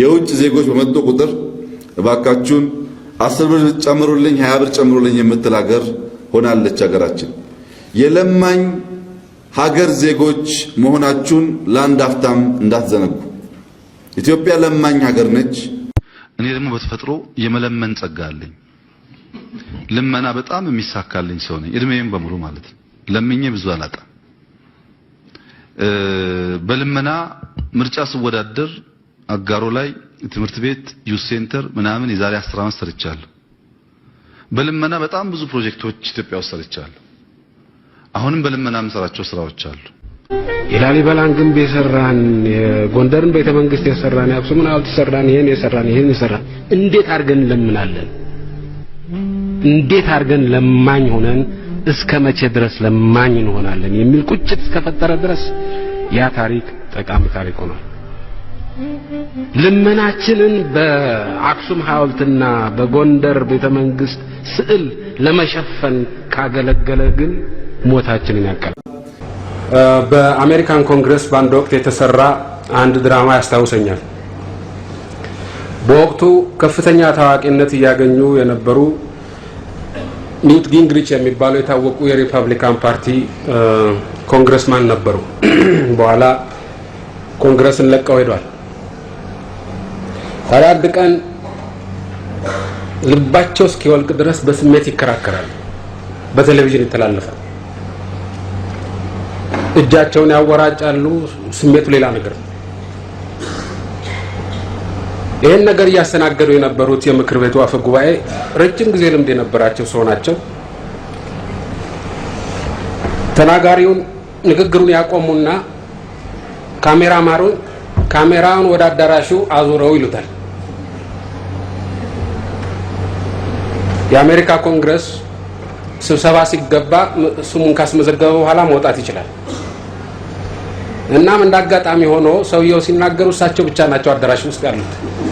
የውጭ ዜጎች በመጡ ቁጥር እባካችሁን አስር ብር ጨምሩልኝ፣ ሀያ ብር ጨምሩልኝ የምትል ሀገር ሆናለች ሀገራችን። የለማኝ ሀገር ዜጎች መሆናችሁን ለአንድ አፍታም እንዳትዘነጉ። ኢትዮጵያ ለማኝ ሀገር ነች። እኔ ደግሞ በተፈጥሮ የመለመን ጸጋ አለኝ። ልመና በጣም የሚሳካልኝ ሰው ነኝ፣ እድሜዬም በሙሉ ማለት ነው። ለምኜ ብዙ አላጣም። በልመና ምርጫ ስወዳደር አጋሮ ላይ ትምህርት ቤት ዩስ ሴንተር ምናምን የዛሬ 10 ዓመት ሰርቻለሁ። በልመና በጣም ብዙ ፕሮጀክቶች ኢትዮጵያ ውስጥ ሰርቻለሁ። አሁንም በልመና የምሰራቸው ስራዎች አሉ። የላሊበላን ግንብ የሰራን፣ የጎንደርን ቤተ መንግስት የሰራን፣ የአክሱምን ሐውልት የሰራን፣ ይሄን የሰራን፣ ይሄን የሰራን እንዴት አድርገን እንለምናለን? እንዴት አድርገን ለማኝ ሆነን እስከ መቼ ድረስ ለማኝ እንሆናለን? የሚል ቁጭት እስከፈጠረ ድረስ ያ ታሪክ ጠቃሚ ታሪክ ሆኗል። ልመናችንን በአክሱም ሐውልትና በጎንደር ቤተ መንግስት ስዕል ለመሸፈን ካገለገለ ግን ሞታችንን ያቀል። በአሜሪካን ኮንግረስ በአንድ ወቅት የተሰራ አንድ ድራማ ያስታውሰኛል። በወቅቱ ከፍተኛ ታዋቂነት እያገኙ የነበሩ ኒውት ጊንግሪች የሚባሉ የታወቁ የሪፐብሊካን ፓርቲ ኮንግረስማን ነበሩ። በኋላ ኮንግረስን ለቀው ሄዷል። አርብ ቀን ልባቸው እስኪወልቅ ድረስ በስሜት ይከራከራሉ። በቴሌቪዥን ይተላለፋል። እጃቸውን ያወራጫሉ። ስሜቱ ሌላ ነገር ነው። ይህን ነገር እያስተናገዱ የነበሩት የምክር ቤቱ አፈ ጉባኤ ረጅም ጊዜ ልምድ የነበራቸው ሰው ናቸው። ተናጋሪውን ንግግሩን ያቆሙና ማሩን ካሜራውን ወደ አዳራሹ አዙረው ይሉታል። የአሜሪካ ኮንግረስ ስብሰባ ሲገባ ስሙን ካስመዘገበ በኋላ መውጣት ይችላል። እናም እንዳጋጣሚ ሆኖ ሰውየው ሲናገሩ እሳቸው ብቻ ናቸው አዳራሽ ውስጥ ያሉት።